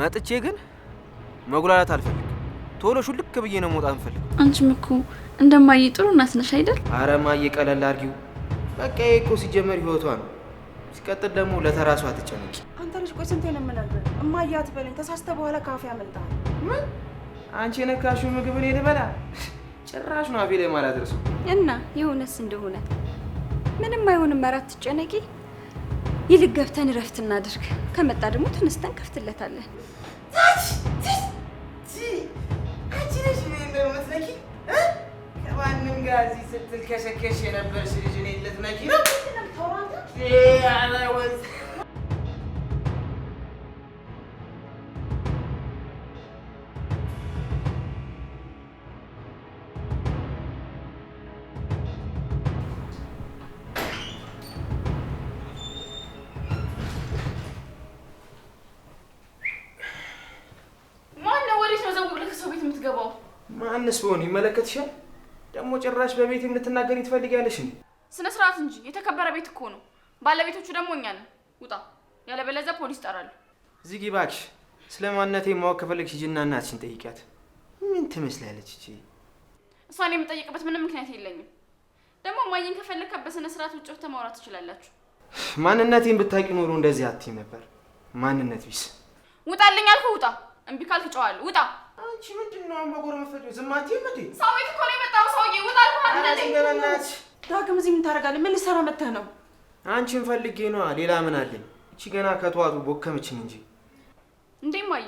መጥቼ ግን መጉላላት አልፈልግ። ቶሎ ሹልክ ብዬ ነው መውጣት እንፈልግ። አንቺም እኮ እንደማዬ ጥሩ እናት ነሽ አይደል? አረ ማዬ ቀለል አድርጊው። በቃ ይሄ እኮ ሲጀመር ህይወቷ ነው። ሲቀጥል ደግሞ ለተራሷ አትጨነቂ። አንተ ልጅ ቆይ ስንቴ እለምናለሁ እማዬ አትበለኝ። ተሳስተ በኋላ ካፌ ያመልጣል። ምን አንቺ የነካሽው ምግብ እኔ ልበላ? ጭራሽ ነው አፌ ላይ ማለት እና የእውነትስ እንደሆነ ምንም አይሆንም። ኧረ አትጨነቂ ይልቅ ገብተን እረፍት እናድርግ። ከመጣ ደግሞ ተነስተን ከፍትለታለን። ከማንም ጋር እዚህ ስትል ከሸከሽ የነበርሽ ልጅ እኔ ልትመኪ ነው ቢዝነስ በሆነ ይመለከትሻል። ደግሞ ጭራሽ በቤት ልትናገሪ ትፈልጊያለሽ? ስነ ስርዓት እንጂ የተከበረ ቤት እኮ ነው። ባለቤቶቹ ደግሞ እኛ ነን። ውጣ፣ ያለበለዚያ ፖሊስ ይጠራሉ። ዝጊ እባክሽ። ስለ ማንነቴ ማወቅ ከፈለግሽ ሂጂና እናትሽን ጠይቂያት። ምን ትመስላለች እቺ? እሷን የምጠይቅበት ምንም ምክንያት የለኝም። ደግሞ ማየን ከፈለግከት በስነ ስርዓት ውጭ ወጥተህ ማውራት ትችላላችሁ። ማንነቴን ብታውቂ ኖሮ እንደዚህ አትይም ነበር። ማንነት ቢስ ውጣልኝ አልኩህ። ውጣ። እምቢ ካልክ እጨዋለሁ። ውጣ አንቺ ምንድን ነው መጎረመፈል? ዝም አትይም እንዴ? ሰው ቤት እኮ ነው የመጣው ሰውዬ። ውጣ በእናትሽ። ዳግም እዚህ ምን ታደርጋለህ? ምን ልትሰራ መተህ ነው? አንቺን ፈልጌ ነዋ። ሌላ ምን አለኝ? እቺ ገና ከተዋጡ ቦከመችኝ እንጂ እንዴ። ማይ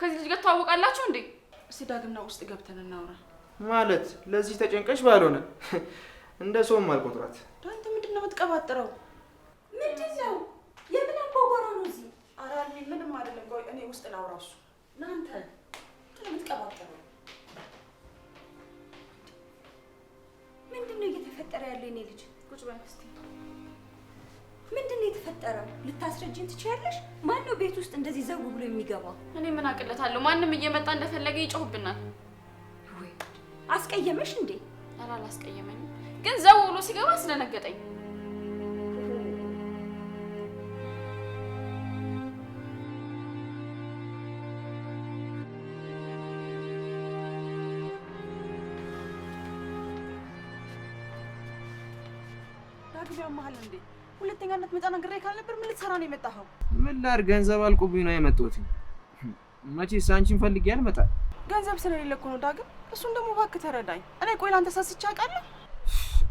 ከዚህ ልጅ ጋር ትዋወቃላችሁ እንዴ? እስቲ ዳግምና ውስጥ ገብተን እናውራ። ማለት ለዚህ ተጨንቀሽ ባልሆነ እንደ ሰውም አልቆጥራት። አንተ ምንድን ነው የምትቀባጥረው? ምንድን ነው የምን አጓጓራ ነው እዚህ? ኧረ ምንም አይደለም። ቆይ እኔ ውስጥ ላውራ እሱ እናንተ የምትቀባጥረው? ምንድን ነው እየተፈጠረ ያለው? የኔ ልጅ ቁጭ በይ እስኪ። ምንድን ነው የተፈጠረው? ልታስረጅን ትችያለሽ? ማነው ቤት ውስጥ እንደዚህ ዘው ብሎ የሚገባው? እኔ ምን አቅለታለሁ? ማንም እየመጣ እንደፈለገ ይጮህብናል። ወይ አስቀየመሽ እንዴ? ኧረ አላስቀየመኝም፣ ግን ዘው ብሎ ሲገባ አስደነገጠኝ። ነግሬ ካልነበር ምን ልትሰራ ነው የመጣኸው? ምን ላድርግ፣ ገንዘብ አልቆብኝ ነው የመጣሁት። መቼስ አንቺን ፈልጌ አልመጣም። ገንዘብ ስለሌለ እኮ ነው ዳግም። እሱን ደግሞ እባክህ ተረዳኝ። እኔ ቆይ ላንተ ሳስቼ አውቃለሁ?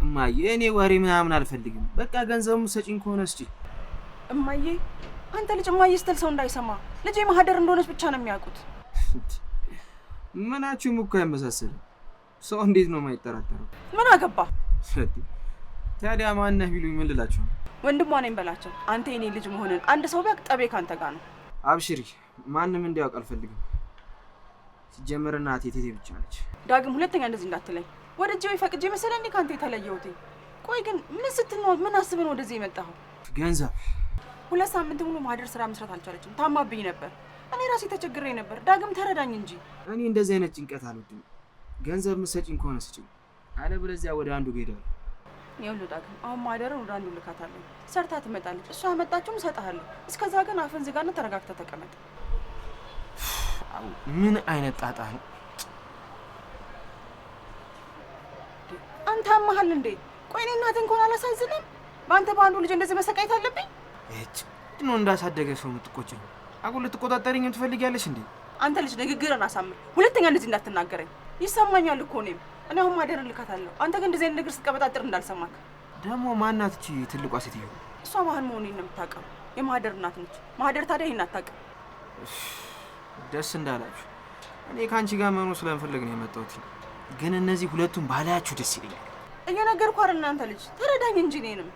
እማዬ፣ እኔ ወሬ ምናምን አልፈልግም። በቃ ገንዘቡ ሰጪኝ ከሆነ እስጪ። እማዬ፣ አንተ ልጅ እማዬ ስትል ሰው እንዳይሰማ። ልጄ ማህደር እንደሆነች ብቻ ነው የሚያውቁት። ምናችሁም እኮ አይመሳሰልም። ሰው እንዴት ነው የማይጠራጠረው? ምን አገባ ታዲያ። ማነህ ቢሉኝ ምን ልላችሁ ነው? ወንድሟ ነኝ በላቸው። አንተ የኔ ልጅ መሆንን አንድ ሰው ቢያቅ ጠቤ ካንተ ጋር ነው። አብሽሪ፣ ማንም እንዲያውቅ አልፈልግም። ሲጀመር እናቴ ብቻ ነች። ዳግም ሁለተኛ እንደዚህ እንዳትለኝ። ወደ ወይ ፈቅጄ መሰለኝ እኔ ካንተ የተለየሁት። ቆይ ግን ምን ስትል ምን አስብን ወደዚህ የመጣኸው? ገንዘብ ሁለት ሳምንት ሙሉ ማህደር ስራ መስራት አልቻለችም። ታማብኝ ነበር። እኔ ራሴ ተቸግሬ ነበር። ዳግም ተረዳኝ እንጂ። እኔ እንደዚህ አይነት ጭንቀት አልወድም። ገንዘብ ምሰጭኝ ከሆነ ስጭኝ፣ ብለዚያ ወደ አንዱ እሄዳለሁ። ይኸውልህ ዳግም አሁን ማደረን ወደ አንዱ ልካታለሁ። ሰርታ ትመጣለች። እሷ ያመጣችውም እሰጥሃለሁ። እስከዛ ግን አፍን ዝጋና ተረጋግተህ ተቀመጥ። ምን አይነት ጣጣ ነው? አንተ አመሀል እንዴ? ቆይ እኔ እናትህን ከሆነ አላሳዝንም? በአንተ በአንዱ ልጅ እንደዚህ መሰቃየት አለብኝ? እች ድኖ እንዳሳደገ ሰው የምትቆጭ ነው። አጉል ልትቆጣጠሪኝም ትፈልጊያለሽ እንዴ? አንተ ልጅ ንግግርን አሳምር። ሁለተኛ እንደዚህ እንዳትናገረኝ። ይሰማኛል እኮ እኔም እኔ አሁን ማደር እልካታለሁ። አንተ ግን እንደዚህ ነገር ስትቀበጣጥር እንዳልሰማክ። ደግሞ ማናት እቺ ትልቋ ሴትዮ? እሷ ማህን መሆኔን ነው የምታውቀው። የማህደር እናት ነች። ማህደር ታዲያ ይህን አታውቅም። ደስ እንዳላችሁ። እኔ ከአንቺ ጋር መኖር ስለምፈልግ ነው የመጣሁት። ግን እነዚህ ሁለቱም ባላያችሁ ደስ ይለኛል። እየነገርኩ አይደል? እናንተ ልጅ ተረዳኝ እንጂ እኔንም።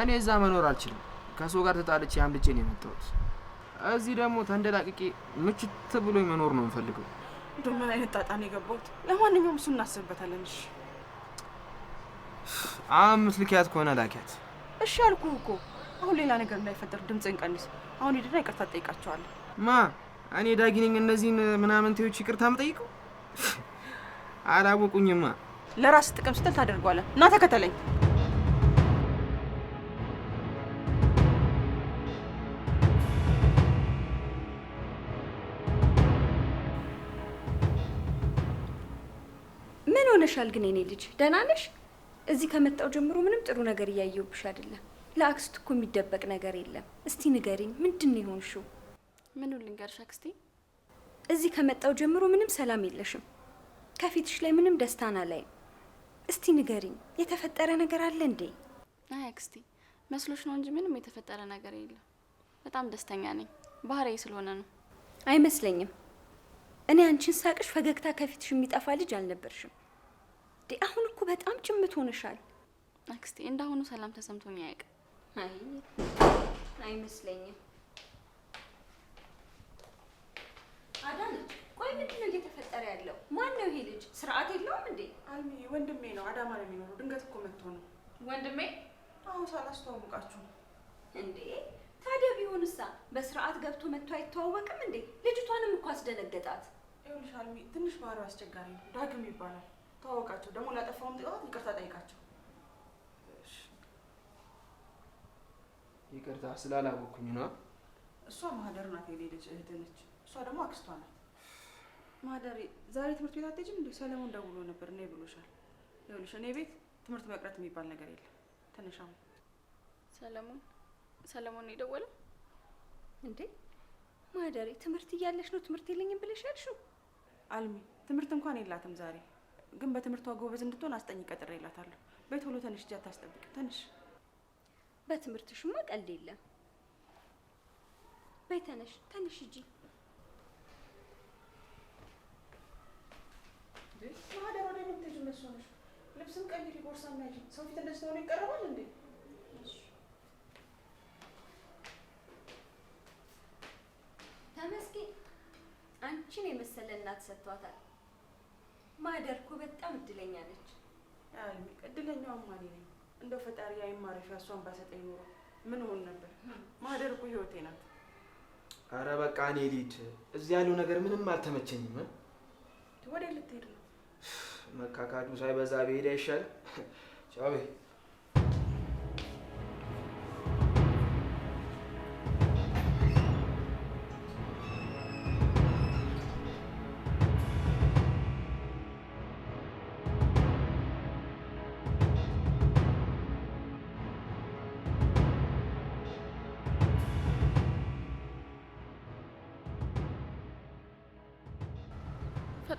እኔ እዛ መኖር አልችልም። ከሰው ጋር ተጣልቼ አምልጬ ነው የመጣሁት። እዚህ ደግሞ ተንደላቅቄ ምችት ብሎኝ መኖር ነው የምፈልገው። እንደው ምን አይነት ጣጣ ነው የገባሁት? ለማንኛውም እሱ እናስብበታለን። እሺ አምስት ልኪያት ከሆነ ላኪያት። እሺ አልኩህ እኮ አሁን ሌላ ነገር እንዳይፈጠር ድምፅህን ቀንስ። አሁን ሄድና ይቅርታ ትጠይቃቸዋለህ። ማ እኔ ዳጊ ነኝ እነዚህን ምናምንቴዎች ይቅርታ የምጠይቀው? አላወቁኝማ። ለራስ ጥቅም ስትል ታደርገዋለህ። እና ተከተለኝ። ይሻል ግን የኔ ልጅ ደህና ነሽ? እዚህ ከመጣው ጀምሮ ምንም ጥሩ ነገር እያየውብሽ አይደለም። ለአክስት እኮ የሚደበቅ ነገር የለም። እስቲ ንገሪኝ፣ ምንድን ነው የሆንሽው? ምኑ ልንገርሽ አክስቴ፣ እዚህ ከመጣው ጀምሮ ምንም ሰላም የለሽም። ከፊትሽ ላይ ምንም ደስታና ላይ እስቲ ንገሪኝ፣ የተፈጠረ ነገር አለ እንዴ? አይ አክስቴ፣ መስሎሽ ነው እንጂ ምንም የተፈጠረ ነገር የለም። በጣም ደስተኛ ነኝ። ባህሪዬ ስለሆነ ነው። አይመስለኝም። እኔ አንቺን ሳቅሽ ፈገግታ ከፊትሽ የሚጠፋ ልጅ አልነበርሽም። አሁን እኮ በጣም ጭምት ሆነሻል። አክስቴ እንዳሁኑ ሰላም ተሰምቶኝ አያውቅም። አይመስለኝም። አዳነች ቆይ ምንድን ነው እየተፈጠረ ያለው? ማን ነው ይሄ ልጅ? ስርዓት የለውም እንዴ? አልሚ ወንድሜ ነው። አዳማ ነው የሚኖረው። ድንገት እኮ መጥቶ ነው ወንድሜ። አሁን ሳላስተዋውቃችሁ እንዴ? ታዲያ ቢሆንሳ በስርዓት ገብቶ መጥቶ አይተዋወቅም እንዴ? ልጅቷንም እኮ አስደነገጣት። ይኸውልሽ አልሚ፣ ትንሽ ባህሪው አስቸጋሪ ነው። ዳግም ይባላል ተዋወቃቸው። ደግሞ ላጠፋውም ጥቃት ይቅርታ ጠይቃቸው። ይቅርታ ስላላወኩኝ ነዋ። እሷ ማህደር ናት፣ የእኔ ልጅ እህት ነች። እሷ ደግሞ አክስቷ ናት። ማህደር ዛሬ ትምህርት ቤት አትሄጂም እንዴ? ሰለሞን ደውሎ ነበር እኔ ብሎሻል። ይኸውልሽ እኔ ቤት ትምህርት መቅረት የሚባል ነገር የለም። ተነሻሙ። ሰለሞን ሰለሞን ነው የደወለው እንዴ? ማህደሬ ትምህርት እያለሽ ነው ትምህርት የለኝም ብለሽ ያልሽው? አልሚ ትምህርት እንኳን የላትም ዛሬ ግን በትምህርቷ ጎበዝ እንድትሆን አስጠኝ ቀጥሬላታለሁ። በይ ቶሎ ተነሽ፣ እጃ ታስጠብቅ ተነሽ። በትምህርትሽማ ቀልድ የለም። በይ ተነሽ፣ ተንሽ እጂ ልብስም ሰው ፊት እንደዚህ ሆኖ እንዴ? ተመስገን አንቺን የመሰለ እናት ሰጥቷታል። ማደር እኮ በጣም እድለኛ ነች። አይ እድለኛውማ ማን ነኝ። እንደው ፈጣሪ አይን ማረፊያ እሷን ባሰጠኝ ኖሮ ምን ሆን ነበር? ማደር እኮ ህይወቴ ናት። አረ በቃ እኔ ልሂድ። እዚህ ያለው ነገር ምንም አልተመቸኝም። ወደ ልትሄድ ነው? መካካቱ ሳይበዛ ብሄድ አይሻልም? ቻው።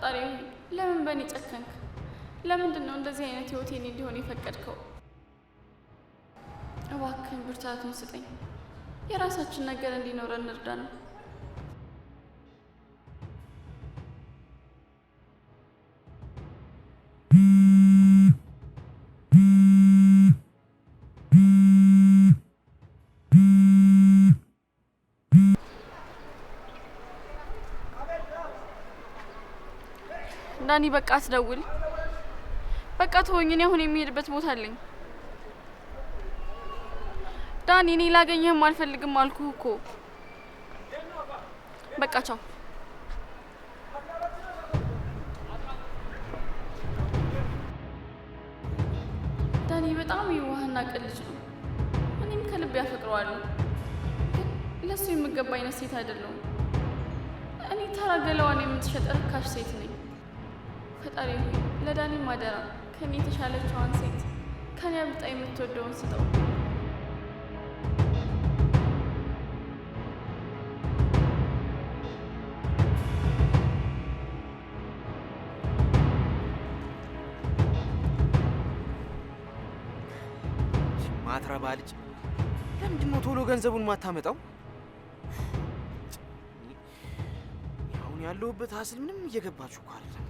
ፈጣሪ ሆይ ለምን በእኔ ጨከንክ? ለምንድን ነው እንደዚህ አይነት ህይወት ህይወቴን እንዲሆን የፈቀድከው? እባክህን ብርታቱን ስጠኝ። የራሳችን ነገር እንዲኖረን እንርዳ ነው ዳኒ በቃ አትደውል። በቃ ተወኝ። እኔ አሁን የሚሄድበት ቦታ አለኝ። ዳኒ እኔ ላገኘህም አልፈልግም አልኩ እኮ። በቃ ቻው። ዳኒ በጣም የዋህና ቅልጭ ነው። እኔም ከልብ ያፈቅረዋለሁ፣ ግን ለሱ የምገባ አይነት ሴት አይደለሁም። እኔ ተራ ገላዋን የምትሸጥ ርካሽ ሴት ነኝ። ፈጣሪ ሆይ ለዳኒ ማደራ ከኔ የተሻለችዋን ሴት ከኔ አብልጣ የምትወደውን ስጠው። ማትረባ ልጅ ለምንድን ነው ቶሎ ገንዘቡን ማታመጣው? አሁን ያለሁበት አስል ምንም እየገባችሁ እኮ አይደለም።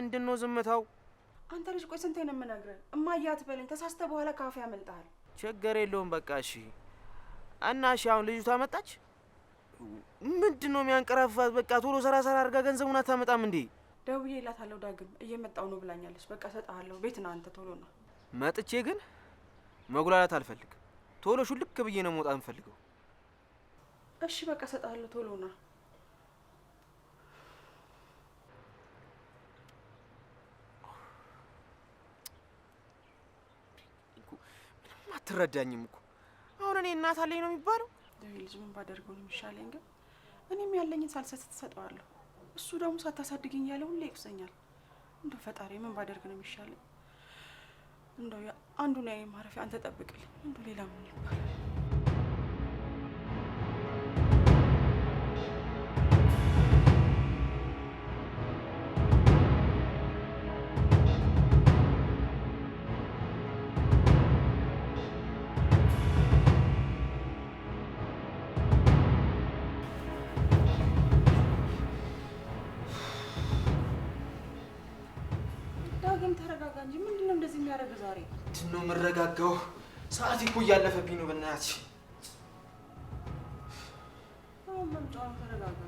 ምንድን ነው ዝምታው? አንተ ልጅ ቆይ ስንቴ ነው የምነግርህ? እማዬ አትበለኝ፣ ተሳስተ በኋላ ካፍ ያመልጣል። ችግር የለውም በቃ እሺ። እና እሺ አሁን ልጅቷ መጣች። ምንድን ነው የሚያንቀራፋት? በቃ ቶሎ ሰራ ሰራ አድርጋ ገንዘቡን አታመጣም እንዴ? ደውዬ አለው ዳግም እየመጣው ነው ብላኛለች። በቃ እሰጥሃለሁ። ቤት ና አንተ ቶሎ ነው። መጥቼ ግን መጉላላት አልፈልግም። ቶሎ ሹልክ ብዬ ነው መውጣት የምፈልገው። እሺ በቃ እሰጥሃለሁ። ቶሎ ና። አትረዳኝም እኮ አሁን እኔ እናት አለኝ ነው የሚባለው። ልጅ ምን ባደርገው ነው የሚሻለኝ? ግን እኔም ያለኝን ሳልሰጥ ትሰጠዋለሁ። እሱ ደግሞ ሳታሳድግኝ ያለ ሁሌ ይቁሰኛል። እንደው ፈጣሪ ምን ባደርግ ነው የሚሻለኝ? እንደው አንዱን ያይ ማረፊያ አንተ ጠብቅልኝ። እንደው ሌላ ምን ይባላል? የሚያደርግ ዛሬ ነው የምረጋጋው። ሰዓት እኮ እያለፈብኝ ነው። በእናትሽ ተረጋጋ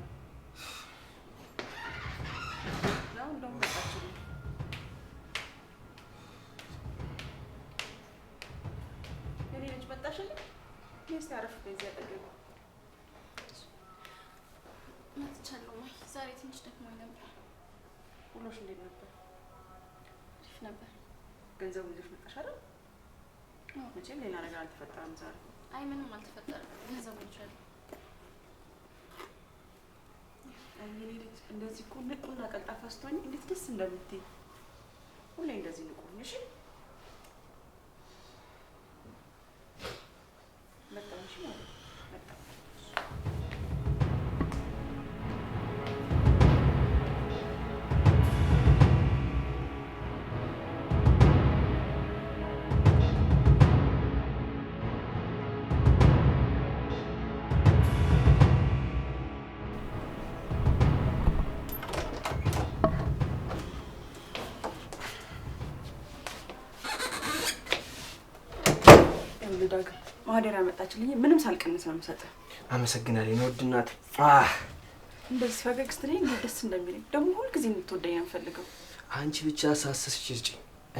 ዛሬ ትንሽ ደክሞኝ ነበር። ውሎሽ እንዴት ነበር? አሪፍ ነበር። ገንዘቡ ልጅ መጣሽ አይደል? መቼም ሌላ ነገር አልተፈጠረም ዛሬ። አይ ምንም አልተፈጠረም። ገንዘቡ ልጅ እኔ ልጅ እንደዚህ እኮ ንቁና ቀልጣፋ ስትሆኝ እንዴት ደስ እንደምትይ። ሁሌ እንደዚህ ንቁ ነሽ። ማህደር ያመጣችልኝ ምንም ሳልቀንስ ነው የምሰጥህ። አመሰግናለሁ ነው ወድናት። እንደዚህ ፈገግ ስትለኝ ደስ እንደሚለኝ ደግሞ ሁልጊዜ እንድትወደኝ ነው የምፈልገው። አንቺ ብቻ ሳሰስች ስጪ።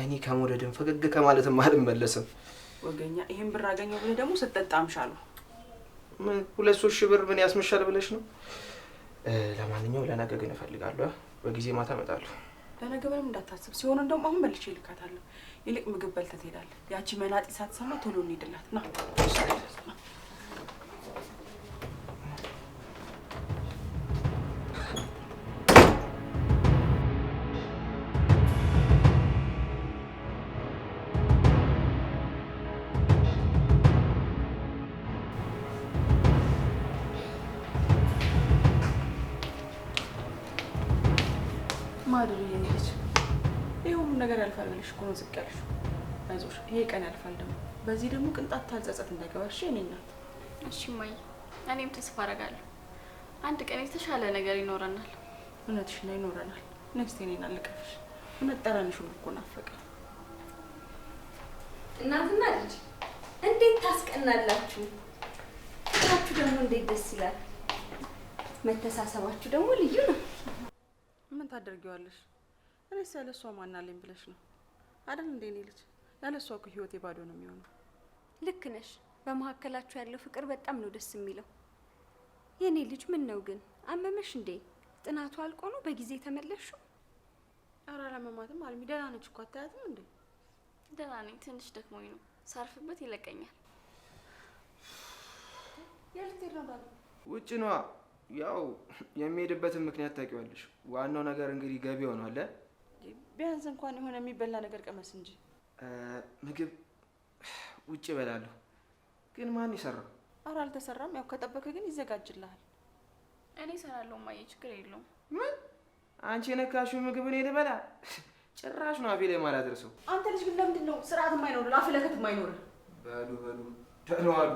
እኔ ከመውደድም ፈገግ ከማለትም አልመለስም። ወገኛ ይህን ብር አገኘው ብለህ ደግሞ ስትጠጣ አምሻለሁ። ሁለት ሶስት ሺህ ብር ምን ያስመሻል ብለሽ ነው? ለማንኛውም ለነገ ግን እፈልጋለሁ። በጊዜ ማታ እመጣለሁ። ለነገ ምንም እንዳታስብ። ሲሆን እንደውም አሁን በልቼ ይልካታለሁ። ይልቅ ምግብ በልተህ ትሄዳለህ። ያቺ መናጢ ሳትሰማ ቶሎ እንሄድላት ና ሽ እኮ ነው ዝቅ ያልሽው። አይዞሽ፣ ይሄ ቀን ያልፋል። ደግሞ በዚህ ደግሞ ቅንጣት ታልጸጸት እንዳይገባሽ እኔ እናት። እሺ ማይ፣ እኔም ተስፋ አደርጋለሁ አንድ ቀን የተሻለ ነገር ይኖረናል። እውነትሽ ነው፣ ይኖረናል። ነፍሴ እኔን አልቀፍሽ። እውነት ጠራንሽን እኮ ናፈቀኝ። እናትና ልጅ እንዴት ታስቀናላችሁ! ታችሁ ደግሞ እንዴት ደስ ይላል! መተሳሰባችሁ ደግሞ ልዩ ነው። ምን ታደርጊዋለሽ? እኔስ ያለ እሷ ማናለኝ ብለሽ ነው አይደል እንዴ? እኔ ልጅ ያለ እሷ እኮ ህይወቴ ባዶ ነው የሚሆነው። ልክ ነሽ። በመካከላችሁ ያለው ፍቅር በጣም ነው ደስ የሚለው። የእኔ ልጅ ምን ነው ግን አመመሽ እንዴ? ጥናቱ አልቆ ነው በጊዜ ተመለስሽው? ኧረ አላመማትም። አልሚ ደህና ነች እኮ አታያትም እንዴ? ደህና ነኝ። ትንሽ ደክሞኝ ነው። ሳርፍበት ይለቀኛል። ውጭ ነዋ። ያው የሚሄድበትን ምክንያት ታውቂዋለሽ። ዋናው ነገር እንግዲህ ገቢ ሆኗል። ቢያንስ እንኳን የሆነ የሚበላ ነገር ቀመስ እንጂ። ምግብ ውጭ እበላለሁ፣ ግን ማን ይሰራ? አረ አልተሰራም። ያው ከጠበቀ ግን ይዘጋጅልሃል። እኔ እሰራለሁ እማዬ፣ ችግር የለውም። ምን አንቺ የነካሽው ምግብ እኔ ልበላ? ጭራሽ ነው አፌ ላይ ማላደርሰው። አንተ ልጅ ግን ለምንድን ነው ስርዓት የማይኖር አፍ ለከት የማይኖር? በሉ በሉ ተለዋሉ።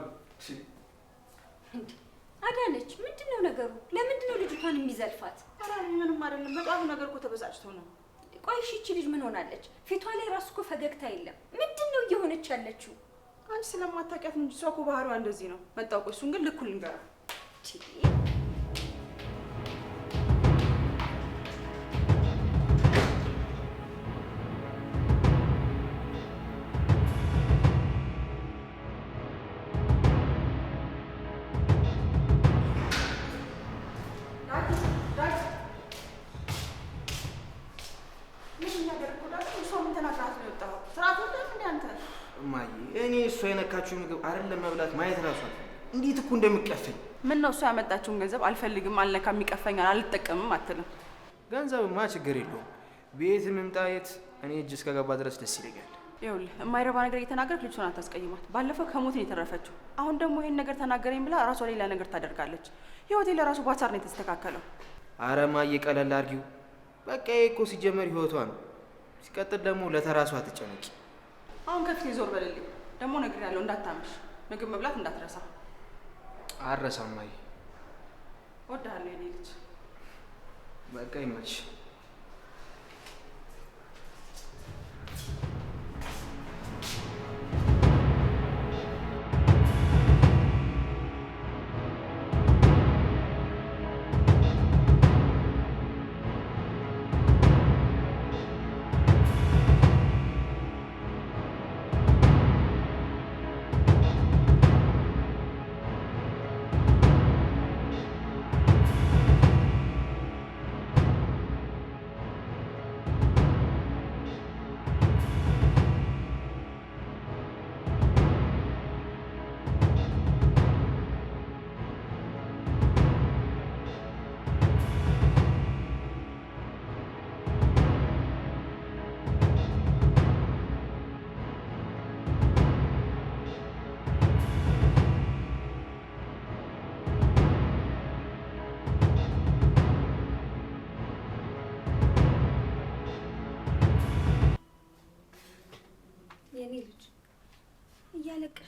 አዳነች ምንድን ነው ነገሩ? ለምንድን ነው ልጅቷን የሚዘልፋት? አራ ምንም አይደለም። በጧቱ ነገር እኮ ተበሳጭቶ ነው ቆይ ሽቺ ልጅ ምን ሆናለች? ፊቷ ላይ ራሱ እኮ ፈገግታ የለም። ምንድን ነው እየሆነች ያለችው? አንቺ ስለማታውቂያት እንጂ እሷ እኮ ባህሪዋ እንደዚህ ነው። መጣው። ቆይ እሱን ግን ልኩል ልንገራ እኮ እንደምቀፈኝ። ምን ነው እሱ ያመጣችውን ገንዘብ አልፈልግም፣ አልነካም፣ ይቀፈኛል፣ አልጠቀምም አትልም። ገንዘብማ ችግር የለውም ቤት ምምጣየት እኔ እጅ እስከገባ ድረስ ደስ ይለኛል። ይኸውልህ የማይረባ ነገር እየተናገርክ ልጅቷን አታስቀይማት። ባለፈው ከሞት ነው የተረፈችው። አሁን ደግሞ ይህን ነገር ተናገረኝ ብላ ራሷ ሌላ ነገር ታደርጋለች። ህይወቴ ለራሱ ባሳር ነው የተስተካከለው። አረማ እየቀለል አድርጊው በቃ። ይሄ እኮ ሲጀመር ህይወቷ ነው፣ ሲቀጥል ደግሞ ለተራሷ ትጨነቂ። አሁን ከፊቴ ዞር በልልኝ። ደግሞ ነግሬያለሁ፣ እንዳታመሽ፣ ምግብ መብላት እንዳትረሳ አረሳ አይ እወድሃለሁ የእኔ ልጅ። በቃ ይመችሽ።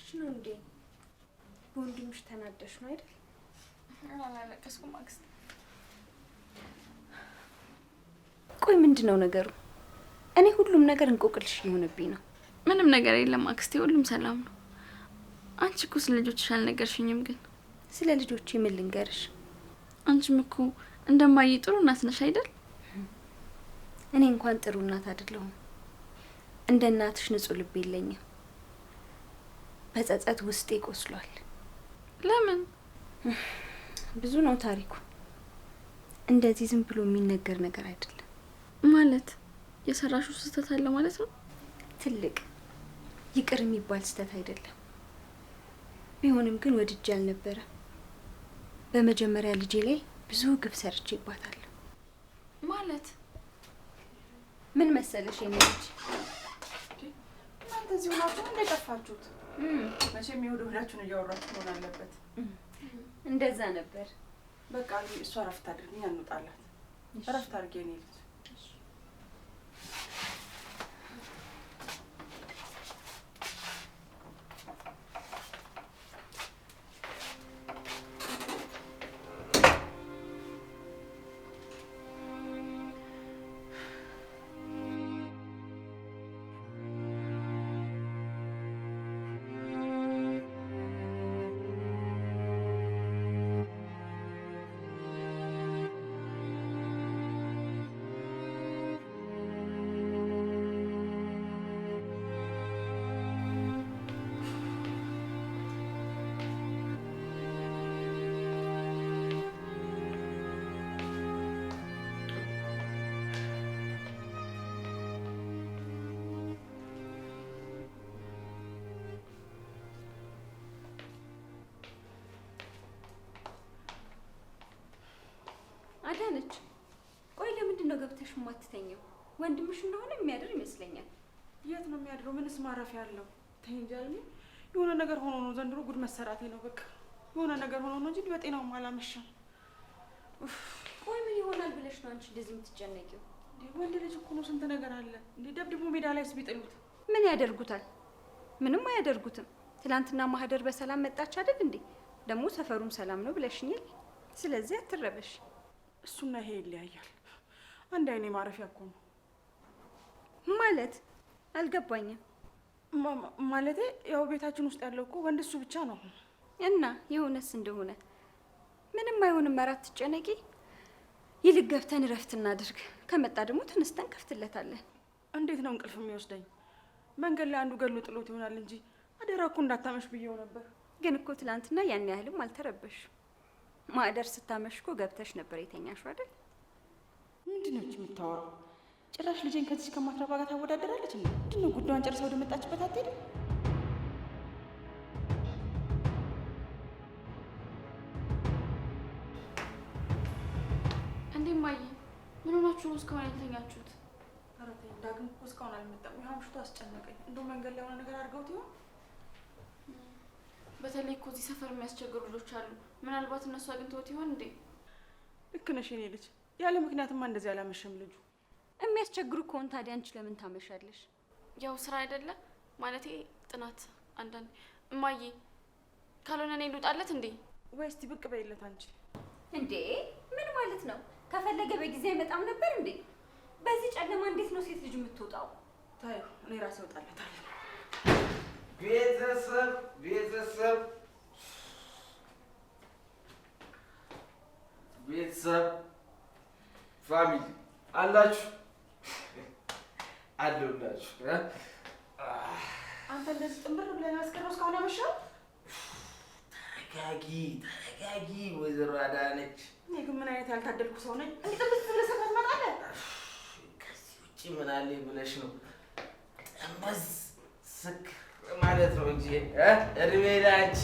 እያለቀስሽ ነው እንዴ? በወንድምሽ ተናደሽ ነው አይደል? አላለቀስኩም አክስቴ። ቆይ ምንድን ነው ነገሩ? እኔ ሁሉም ነገር እንቆቅልሽ እየሆነብኝ ነው። ምንም ነገር የለም አክስቴ፣ ሁሉም ሰላም ነው። አንቺ እኮ ስለ ልጆችሽ አልነገርሽኝም። ግን ስለ ልጆች ምን ልንገርሽ? አንቺም እኮ እንደማየ ጥሩ እናት ነሽ አይደል? እኔ እንኳን ጥሩ እናት አይደለሁም። እንደ እናትሽ ንጹህ ልብ የለኝም። በጸጸት ውስጤ ቆስሏል። ለምን? ብዙ ነው ታሪኩ። እንደዚህ ዝም ብሎ የሚነገር ነገር አይደለም። ማለት የሰራሹ ስህተት አለ ማለት ነው። ትልቅ ይቅር የሚባል ስህተት አይደለም። ቢሆንም ግን ወድጄ አልነበረም። በመጀመሪያ ልጄ ላይ ብዙ ግፍ ሰርቼባታለሁ። ማለት ምን መሰለሽ የኔ ልጅ እናንተ እዚሁ ናችሁ እንደጠፋችሁት መቼም የሆድ ሆዳችሁን እያወራችሁ መሆን አለበት። እንደዛ ነበር። በቃ እሷ እረፍት አድርግኝ፣ እንውጣላት። እረፍት አድርጌ እኔ ልጅ ነች ቆይ ለምንድን ነው ገብተሽ የማትተኘው? ወንድምሽ እንደሆነ የሚያድር ይመስለኛል። የት ነው የሚያድረው? ምንስ ማረፊያ አለው? ተይ የሆነ ነገር ሆኖ ነው ዘንድሮ ጉድ መሰራቴ ነው። በቃ የሆነ ነገር ሆኖ ነው እንጂ በጤናውም አላመሸም። ቆይ ምን ይሆናል ብለሽ ነው አንቺ እንደዚህ የምትጨነቂው? ወንድ ልጅ እኮ ነው፣ ስንት ነገር አለ እንዴ። ደብድቦ ሜዳ ላይስ ቢጥሉት ምን ያደርጉታል? ምንም አያደርጉትም። ትናንትና ማህደር በሰላም መጣች አይደል እንዴ? ደግሞ ሰፈሩም ሰላም ነው ብለሽኛል። ስለዚህ አትረበሽ። እሱና ይሄ ይለያያል። አንድ አይኔ ማረፊያ እኮ ነው። ማለት አልገባኝም። ማለቴ ያው ቤታችን ውስጥ ያለው እኮ ወንድ እሱ ብቻ ነው። እና የሆነስ እንደሆነ ምንም አይሆንም። መራት ትጨነቂ። ይልቅ ገብተን እረፍት እናድርግ። ከመጣ ደግሞ ተነስተን ከፍትለታለን። እንዴት ነው እንቅልፍ የሚወስደኝ? መንገድ ላይ አንዱ ገሎ ጥሎት ይሆናል እንጂ አደራ እኮ እንዳታመሽ ብዬው ነበር። ግን እኮ ትላንትና ያን ያህልም አልተረበሽም። ማዕደር ስታመሽኮ ገብተሽ ነበር የተኛሽ አይደል? ምንድን ነው የምታወራው? ጭራሽ ልጄን ከዚህ ከማትረባ ጋር ታወዳደራለች። ምንድን ነው ጉዳዩን ወደ መጣችበት አትሄድም? እንዴ እማዬ፣ ምን ሆናችሁ እስካሁን ያልተኛችሁት? ኧረ ተይ፣ ዳግም እኮ እስካሁን አልመጣም። ይኸው አምሽቶ አስጨነቀኝ። እንደው መንገድ ላይ የሆነ ነገር አድርገውት ይሆን? በተለይ እኮ እዚህ ሰፈር የሚያስቸግሩ ልጆች አሉ ምናልባት እነሱ አግኝቶት ይሆን እንዴ? ልክ ነሽ የኔ ልጅ። ያለ ምክንያትማ እንደዚህ አላመሸም ልጁ። የሚያስቸግሩ ከሆን ታዲያ አንቺ ለምን ታመሻለሽ? ያው ስራ አይደለም ማለቴ ጥናት አንዳንድ። እማዬ ካልሆነ እኔ ልውጣለት እንዴ? ወይስ ብቅ በይለት አንቺ። እንዴ ምን ማለት ነው? ከፈለገ በጊዜ አይመጣም ነበር እንዴ? በዚህ ጨለማ እንዴት ነው ሴት ልጅ የምትወጣው? ታዩ እኔ ራሴ እወጣለታለሁ። ቤተሰብ ቤተሰብ ቤተሰብ ፋሚሊ አላችሁ አለሁላችሁ። አንተ እንደዚህ ጥምር ብለን ያስቀረው እስካሁን ያመሻል። ተረጋጊ ተረጋጊ፣ ወይዘሮ አዳነች። እኔ ግን ምን አይነት ያልታደልኩ ሰው ነኝ? እንዴት ጥምር ብለህ ትመጣለህ? ከዚህ ውጭ ምን አለ ብለሽ ነው? ጥምዝ ስክ ማለት ነው እንጂ እድሜ ላንቺ